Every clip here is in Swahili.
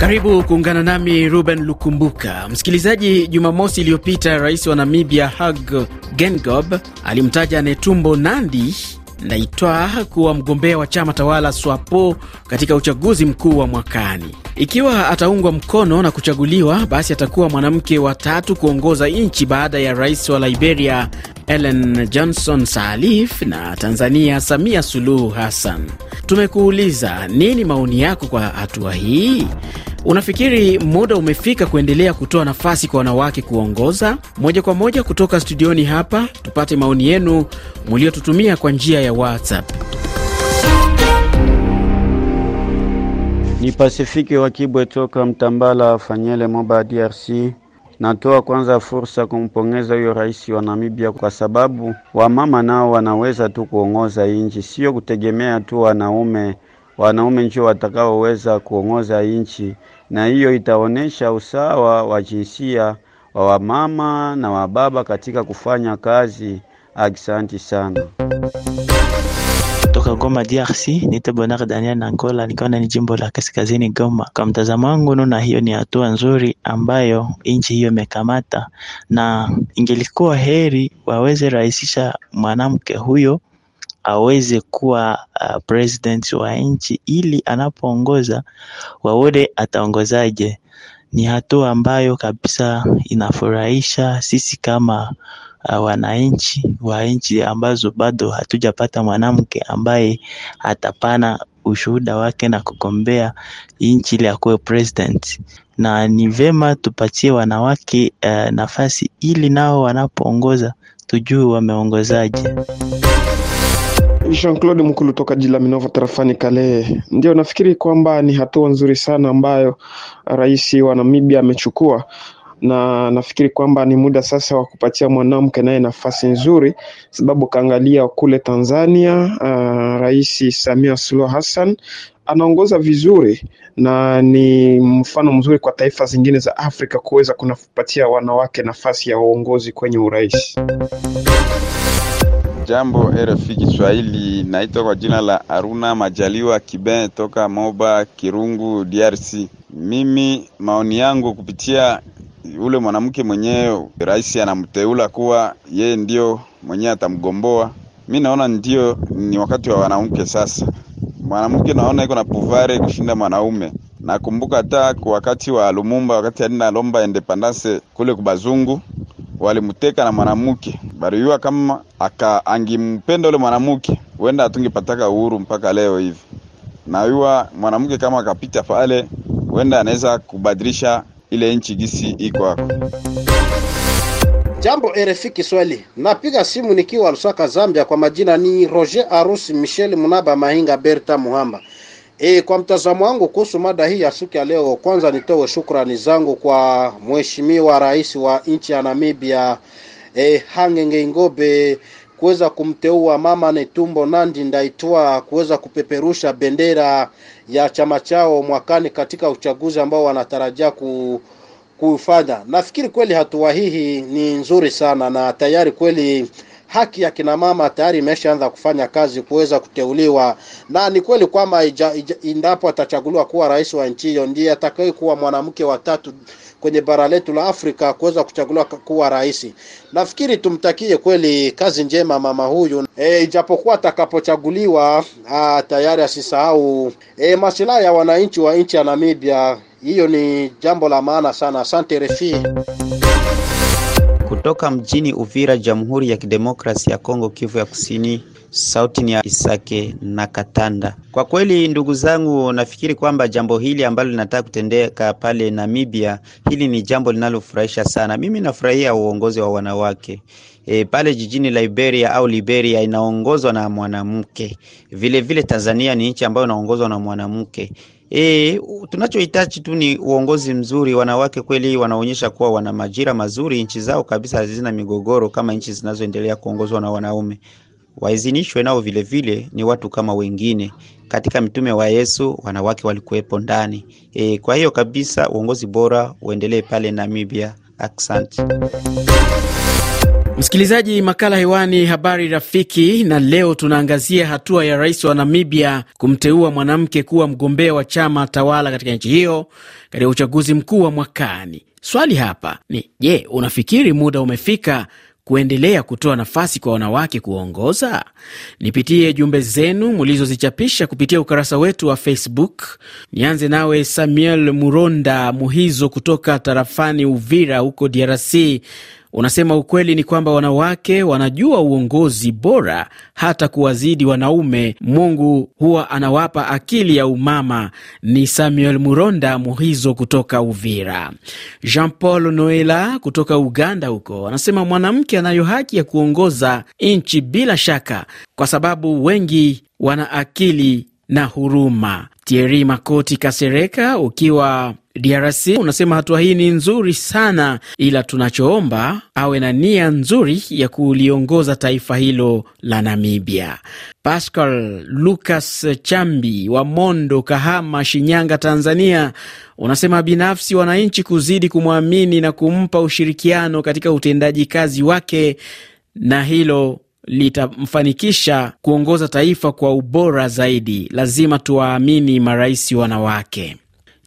Karibu kuungana nami Ruben Lukumbuka. Msikilizaji, Jumamosi iliyopita rais wa Namibia Hage Geingob alimtaja Netumbo Nandi Ndaitwah kuwa mgombea wa chama tawala SWAPO katika uchaguzi mkuu wa mwakani. Ikiwa ataungwa mkono na kuchaguliwa, basi atakuwa mwanamke wa tatu kuongoza nchi baada ya rais wa Liberia Ellen Johnson Sirleaf na Tanzania Samia Suluhu Hassan. Tumekuuliza nini maoni yako kwa hatua hii? Unafikiri muda umefika kuendelea kutoa nafasi kwa wanawake kuongoza? Moja kwa moja kutoka studioni hapa, tupate maoni yenu muliotutumia kwa njia ya WhatsApp. Ni Pasifiki wa Kibwe toka Mtambala Fanyele, Moba, DRC. Natoa kwanza fursa kumpongeza huyo rais wa Namibia kwa sababu wamama nao wanaweza tu kuongoza nchi sio kutegemea tu wanaume. Wanaume njio watakaoweza kuongoza nchi na hiyo itaonyesha usawa wa jinsia wa wamama na wababa katika kufanya kazi. akisanti sana. Goma DRC niite Bonar Daniel Nangola nikiwa ni jimbo la kaskazini Goma. Kwa mtazamo wangu, naona hiyo ni hatua nzuri ambayo nchi hiyo imekamata, na ingelikuwa heri waweze rahisisha mwanamke huyo aweze kuwa uh, president wa nchi ili anapoongoza waone ataongozaje. Ni hatua ambayo kabisa inafurahisha sisi kama Uh, wananchi wa nchi ambazo bado hatujapata mwanamke ambaye atapana ushuhuda wake na kugombea nchi ili akuwe president, na ni vema tupatie wanawake uh, nafasi ili nao wanapoongoza tujue wameongozaje. Jean Claude Mkulu toka jila Minova tarafani Kale, Ndio nafikiri kwamba ni hatua nzuri sana ambayo rais wa Namibia amechukua na nafikiri kwamba ni muda sasa wa kupatia mwanamke naye nafasi nzuri, sababu kaangalia kule Tanzania, uh, Rais Samia Suluhu Hassan anaongoza vizuri na ni mfano mzuri kwa taifa zingine za Afrika kuweza kunapatia wanawake nafasi ya uongozi kwenye urais. Jambo RFI Kiswahili, naitwa kwa jina la aruna Majaliwa Kibe toka Moba Kirungu, DRC. Mimi maoni yangu kupitia ule mwanamke mwenyewe rais anamteula kuwa yeye ndio mwenyewe atamgomboa. Mi naona ndio ni wakati wa wanawake sasa. Mwanamke naona iko na puvare kushinda mwanaume. Nakumbuka hata wakati wa Lumumba, wakati alina lomba independence kule kubazungu walimteka na mwanamke bariua, kama aka angimpenda ule mwanamke wenda atungepataka uhuru mpaka leo hivi. Nayua mwanamke kama akapita pale, wenda anaweza kubadilisha ile nchi gisi iko hapo. Jambo RFI Kiswahili, napiga simu nikiwa Lusaka, Zambia. Kwa majina ni Roger Arusi Michel Munaba Mahinga Berta Muhamba. E, kwa mtazamo wangu kuhusu mada hii ya siku ya leo, kwanza nitoe shukrani zangu kwa mheshimiwa rais wa nchi ya Namibia e, Hage Geingobe kuweza kumteua mama Netumbo Nandi ndaitwa kuweza kupeperusha bendera ya chama chao mwakani katika uchaguzi ambao wanatarajia ku kufanya. Nafikiri kweli hatua hii ni nzuri sana na tayari kweli haki ya kina mama tayari imeshaanza kufanya kazi kuweza kuteuliwa, na ni kweli kwamba endapo atachaguliwa kuwa rais wa nchi hiyo, ndiye atakaye kuwa mwanamke wa tatu kwenye bara letu la Afrika kuweza kuchaguliwa kuwa rais. Nafikiri tumtakie kweli kazi njema mama huyu e, ijapokuwa atakapochaguliwa tayari asisahau e, masilahi ya wananchi wa nchi ya Namibia. Hiyo ni jambo la maana sana. Asante refi kutoka mjini Uvira, Jamhuri ya Kidemokrasi ya Kongo, Kivu ya Kusini, sauti ni ya Isake na Katanda. Kwa kweli, ndugu zangu, nafikiri kwamba jambo hili ambalo linataka kutendeka pale Namibia, hili ni jambo linalofurahisha sana. Mimi nafurahia uongozi wa wanawake e, pale jijini Liberia au Liberia inaongozwa na mwanamke. Vilevile Tanzania ni nchi ambayo inaongozwa na mwanamke. E, tunachohitaji tu ni uongozi mzuri. Wanawake kweli wanaonyesha kuwa wana majira mazuri, nchi zao kabisa hazina migogoro kama nchi zinazoendelea kuongozwa na wanaume. Waizinishwe nao vile vile, ni watu kama wengine. Katika mitume wa Yesu wanawake walikuwepo ndani. E, kwa hiyo kabisa uongozi bora uendelee pale Namibia. Asante. Msikilizaji, makala hewani, habari rafiki, na leo tunaangazia hatua ya rais wa Namibia kumteua mwanamke kuwa mgombea wa chama tawala katika nchi hiyo katika uchaguzi mkuu wa mwakani. Swali hapa ni je, unafikiri muda umefika kuendelea kutoa nafasi kwa wanawake kuongoza? Nipitie jumbe zenu mlizozichapisha kupitia ukurasa wetu wa Facebook. Nianze nawe Samuel Muronda Muhizo kutoka tarafani Uvira huko DRC Unasema ukweli ni kwamba wanawake wanajua uongozi bora hata kuwazidi wanaume. Mungu huwa anawapa akili ya umama. Ni Samuel Muronda Muhizo kutoka Uvira. Jean Paul Noela kutoka Uganda huko anasema mwanamke anayo haki ya kuongoza nchi bila shaka, kwa sababu wengi wana akili na huruma. Thierry Makoti Kasereka, ukiwa DRC unasema hatua hii ni nzuri sana, ila tunachoomba awe na nia nzuri ya kuliongoza taifa hilo la Namibia. Pascal Lucas Chambi wa Mondo, Kahama, Shinyanga, Tanzania, unasema binafsi, wananchi kuzidi kumwamini na kumpa ushirikiano katika utendaji kazi wake, na hilo litamfanikisha kuongoza taifa kwa ubora zaidi. Lazima tuwaamini marais wanawake.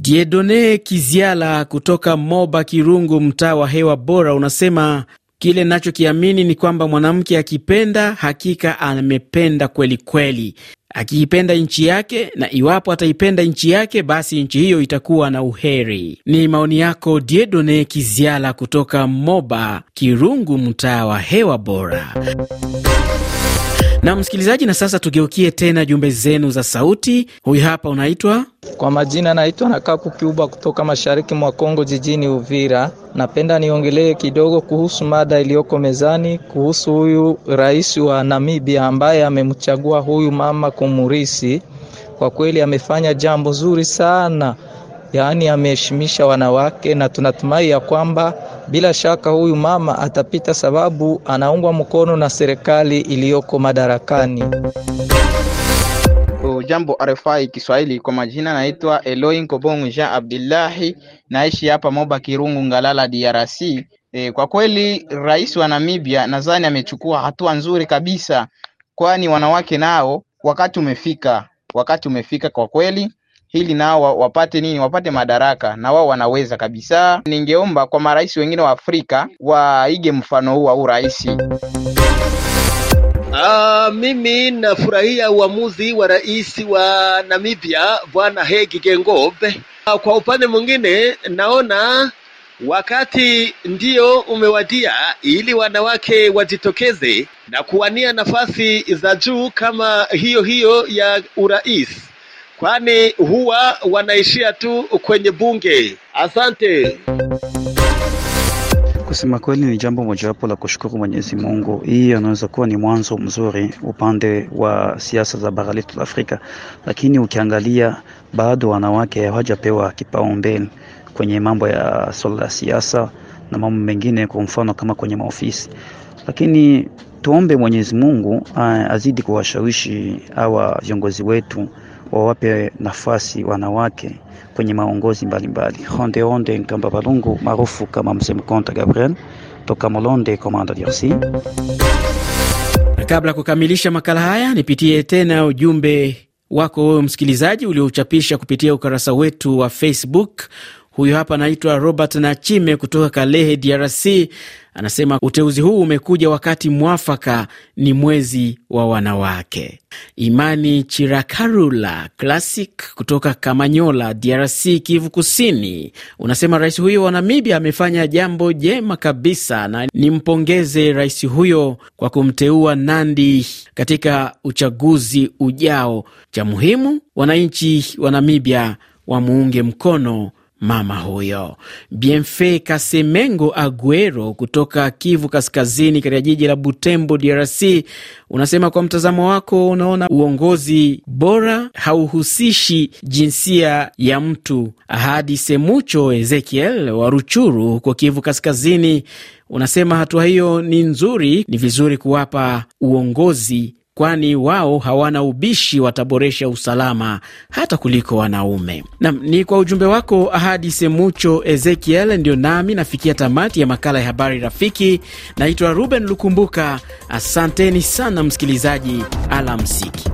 Diedone Kiziala kutoka Moba Kirungu, mtaa wa hewa bora, unasema kile nachokiamini ni kwamba mwanamke akipenda, hakika amependa kweli kweli akiipenda nchi yake, na iwapo ataipenda nchi yake, basi nchi hiyo itakuwa na uheri. Ni maoni yako Diedone Kiziala kutoka Moba Kirungu, mtaa wa hewa bora. Na msikilizaji, na sasa tugeukie tena jumbe zenu za sauti. Huyu hapa unaitwa kwa majina, naitwa na Kapu Kiuba kutoka mashariki mwa Kongo jijini Uvira. Napenda niongelee kidogo kuhusu mada iliyoko mezani kuhusu huyu rais wa Namibia ambaye amemchagua huyu mama kumurisi. Kwa kweli amefanya jambo zuri sana, yaani ameheshimisha wanawake na tunatumai ya kwamba bila shaka huyu mama atapita, sababu anaungwa mkono na serikali iliyoko madarakani. Jambo RFI Kiswahili, kwa majina naitwa Eloi Nkobong Jean Abdullahi, naishi hapa Moba Kirungu, Ngalala, DRC. E, kwa kweli rais wa Namibia nadhani amechukua hatua nzuri kabisa, kwani wanawake nao wakati umefika, wakati umefika kwa kweli ili nao wapate nini? Wapate madaraka, na wao wanaweza kabisa. Ningeomba kwa marais wengine wa Afrika waige mfano huu wa urais. Uh, mimi nafurahia uamuzi wa rais wa Namibia Bwana Hage Geingob. Ah, kwa upande mwingine naona wakati ndio umewadia ili wanawake wajitokeze na kuwania nafasi za juu kama hiyo hiyo ya urais kwani huwa wanaishia tu kwenye bunge. Asante. Kusema kweli ni jambo mojawapo la kushukuru Mwenyezi Mungu. Hii anaweza kuwa ni mwanzo mzuri upande wa siasa za bara letu la Afrika, lakini ukiangalia bado wanawake hawajapewa kipaumbele kwenye mambo ya swala la siasa na mambo mengine, kwa mfano kama kwenye maofisi, lakini tuombe Mwenyezi Mungu ah, azidi kuwashawishi hawa viongozi wetu wawape nafasi wanawake kwenye maongozi mbalimbali. Honde Honde Nkamba Balungu maarufu kama Mzee Mkonta Gabriel toka Molonde Komanda DRC. Na kabla ya kukamilisha makala haya, nipitie tena ujumbe wako wewe msikilizaji uliouchapisha kupitia ukurasa wetu wa Facebook huyo hapa anaitwa Robert Nachime kutoka Kalehe, DRC. Anasema uteuzi huu umekuja wakati mwafaka, ni mwezi wa wanawake. Imani Chirakarula Classic kutoka Kamanyola, DRC, Kivu Kusini, unasema rais huyo wa Namibia amefanya jambo jema kabisa, na nimpongeze rais huyo kwa kumteua Nandi katika uchaguzi ujao. Cha muhimu wananchi wa Namibia wamuunge mkono mama huyo. Bienfe Kasemengo Aguero kutoka Kivu Kaskazini, katika jiji la Butembo, DRC, unasema kwa mtazamo wako, unaona uongozi bora hauhusishi jinsia ya mtu. Ahadi Semucho Ezekiel wa Ruchuru huko Kivu Kaskazini unasema hatua hiyo ni nzuri, ni vizuri kuwapa uongozi kwani wao hawana ubishi, wataboresha usalama hata kuliko wanaume. Nam ni kwa ujumbe wako Ahadi Semucho Ezekiel. Ndio nami nafikia tamati ya makala ya habari rafiki. Naitwa Ruben Lukumbuka, asanteni sana msikilizaji, alamsiki.